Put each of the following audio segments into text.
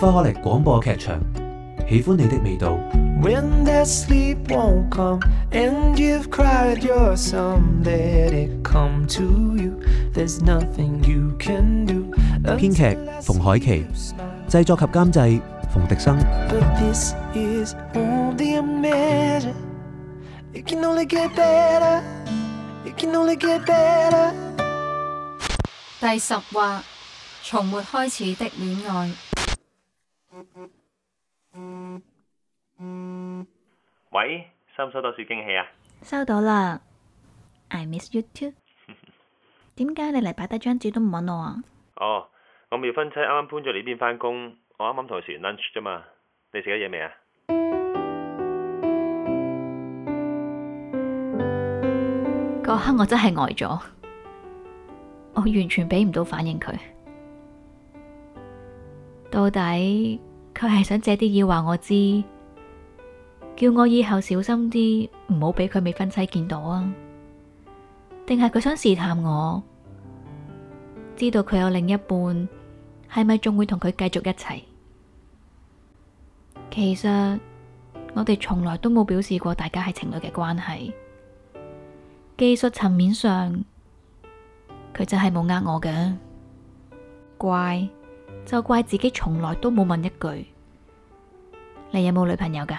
花花力廣播劇場，喜歡你的味道。編劇馮海琪，製作及監製馮迪生。第十話：從沒開始的戀愛。喂，收唔收到小驚喜啊？收到啦，I miss you too。點解你嚟擺低張紙都唔揾我啊？哦，我未婚妻啱啱搬咗嚟呢邊翻工，我啱啱同佢食完 lunch 啫嘛。你食咗嘢未啊？嗰刻我真係呆咗，我完全俾唔到反應佢。到底佢係想借啲嘢話我知？叫我以後小心啲，唔好俾佢未婚妻見到啊！定係佢想試探我？知道佢有另一半，係咪仲會同佢繼續一齊？其實我哋從來都冇表示過大家係情侶嘅關係。技術層面上，佢真係冇呃我嘅，怪就怪自己從來都冇問一句，你有冇女朋友㗎？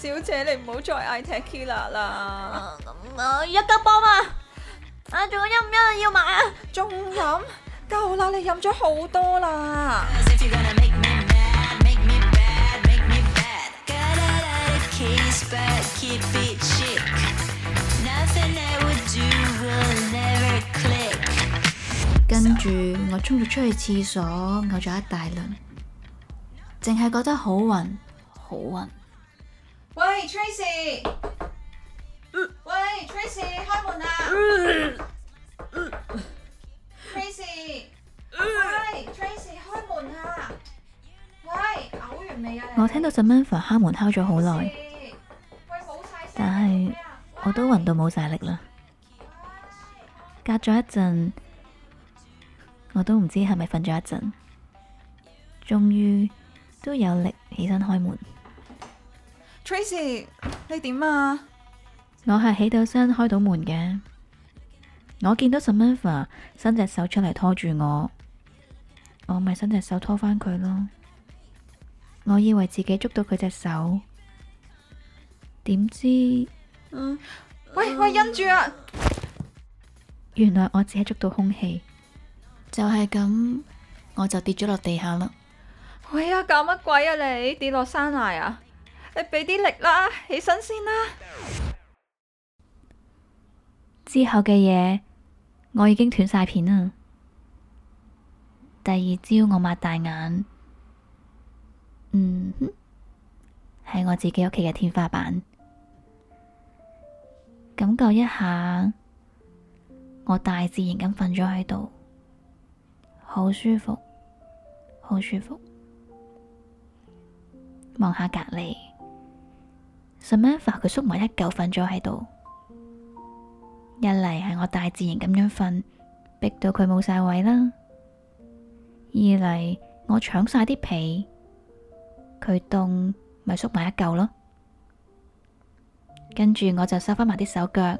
小姐，你唔好再嗌 tequila 啦，啊啊，一吉波嘛，啊仲有飲唔飲要買啊？仲飲？夠啦，你飲咗好多啦。跟住我衝咗出去廁所，嘔咗一大輪，淨係覺得好暈，好暈。喂，Tracy，Tracy 開門 Tracy、oh, Tracy 開門啦！喂，嘔完未啊？我聽到 Samantha 敲門敲咗好耐，Tracy，但係是我都暈到冇晒力啦。喂隔咗一陣，我都唔知係咪瞓咗一陣，終於都有力起身開門。Tracy，你點啊？我係起到身，開到門嘅。我見到 Samantha 伸隻手出嚟拖住我，我咪伸隻手拖返佢咯。我以為自己捉到佢隻手，點知？嗯。喂喂，因住啊！嗯、原來我只係捉到空氣，就係咁，我就跌咗落地下啦。喂啊！搞乜鬼啊你？跌落山崖啊！你畀啲力啦，起身先啦。之後嘅嘢我已經斷晒片啦。第二朝我擘大眼，嗯，哼，係我自己屋企嘅天花板，感覺一下，我大自然咁瞓咗喺度，好舒服，好舒服，望下隔離。Samantha 佢縮埋一舊瞓咗喺度？一嚟係我大自然咁樣瞓，逼到佢冇晒位啦；二嚟我搶晒啲被，佢凍咪縮埋一舊咯。跟住我就收翻埋啲手腳，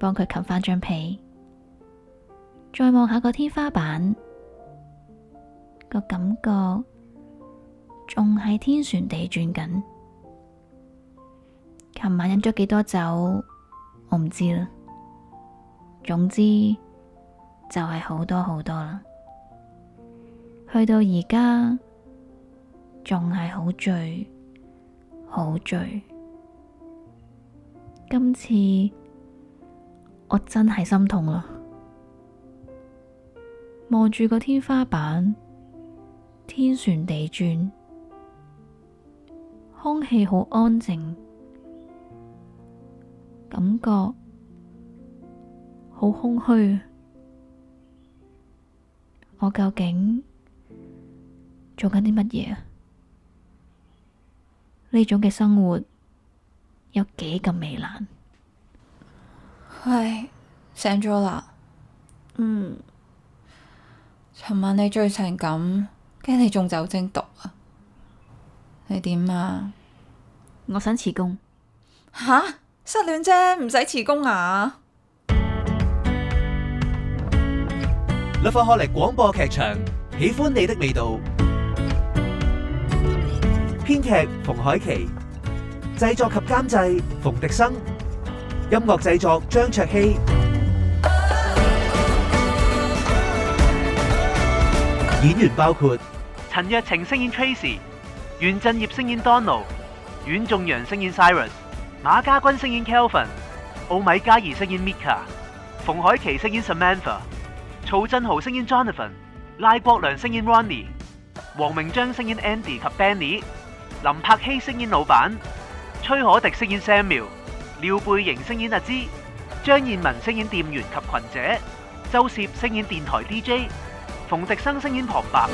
幫佢冚翻張被，再望下個天花板，個感覺仲係天旋地轉緊。琴晚飲咗幾多酒，我唔知啦。總之就係好多好多啦，去到而家仲係好醉，好醉。今次我真係心痛啦，望住個天花板，天旋地轉，空氣好安靜。感覺好空虛，我究竟做緊啲乜嘢啊？呢種嘅生活有幾咁糜爛？唉，醒咗啦？嗯，尋晚你醉成咁，驚你中酒精毒啊？你點啊？我想辭工。吓？失戀啫，唔使辭工啊！樂坊活力廣播劇場，喜歡你的味道。編劇馮海琪，製作及監製馮迪生，音樂製作張卓希。演員包括陳若情飾演 Tracy，袁振業飾演 Donald，阮仲陽飾演 Siren。馬家軍飾演 Kelvin，奧米加爾飾演 Mika，馮海琪飾演 Samantha，曹振豪飾演 Jonathan，賴國良飾演 Ronnie，黃明章飾演 Andy 及 Benny，林柏希飾演老闆，崔可迪飾演 Samuel，廖貝瑩飾演阿芝，張燕文飾演店員及群姐，周攝飾演電台 DJ，馮迪生飾演旁白。